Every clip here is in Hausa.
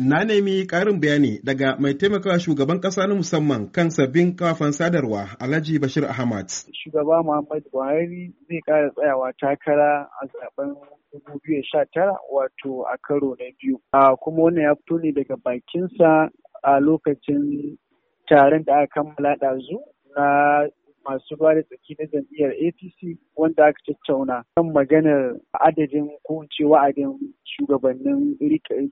Na nemi ƙarin bayani daga mai taimakawa shugaban ƙasa na musamman kan sabbin kafan sadarwa Alhaji Bashir Ahmad. Shugaba Muhammad Buhari zai kara tsayawa takara a zaben 2019 wato a karo na biyu. A kuma wannan ya fito ne daga bakinsa a lokacin taron da aka kammala ɗazu na masu ruwa da tsaki na jam'iyyar APC wanda aka tattauna kan maganar adadin ko wa'adin shugabannin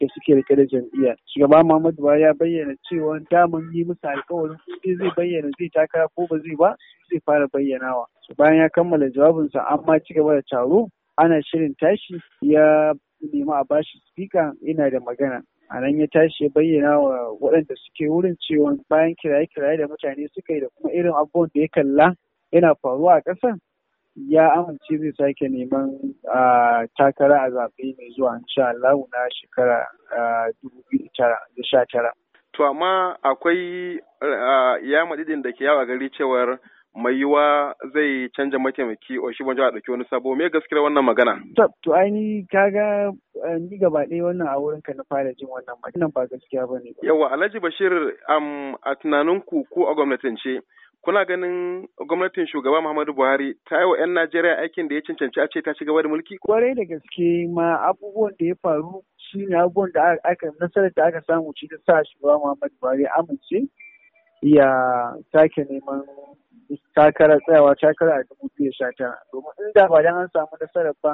da suke rike da jam'iyya. Shugaba Muhammadu ba ya bayyana cewa daman yi musu alkawarin kuɗi zai bayyana zai taka ko ba zai ba zai fara bayyanawa. Bayan ya kammala jawabinsa an ma ci gaba da taro ana shirin tashi ya nemi a bashi spika yana da magana. a nan ya tashi ya bayyana wa waɗanda suke wurin cewa bayan kiraye-kiraye da mutane suka yi da kuma irin abubuwan da ya kalla yana faruwa a ƙasar ya amince zai sake neman takara a zaɓe mai zuwa insha Allah na shekara 2019. To amma akwai ya madidin da ke yawa gari cewar mai yiwa zai canja mataimaki o shi banjo a ɗauki wani sabo me gaskiyar wannan magana to ai ni kaga ni gaba ɗaya wannan a wurin ka na fara jin wannan magana ba gaskiya ba ne yawa alhaji bashir a tunaninku ko a gwamnatance kuna ganin gwamnatin shugaba Muhammadu Buhari ta yi wa 'yan Najeriya aikin da ya cancanci a ce ta ci gaba da mulki? Kwarai da gaske ma abubuwan da ya faru shi ne abubuwan da aka nasarar da aka samu ci da sa shugaba Muhammadu Buhari amince ya sake neman takarar tsayawa takara a dubu biyu sha tara domin inda ba dan an samu nasarar ba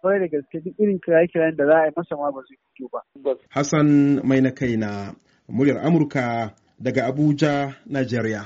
kwarai da gaske duk irin kiraye-kirayen da za a yi masa ma ba zai fito ba. Hassan mai na kaina muryar Amurka daga Abuja, Najeriya.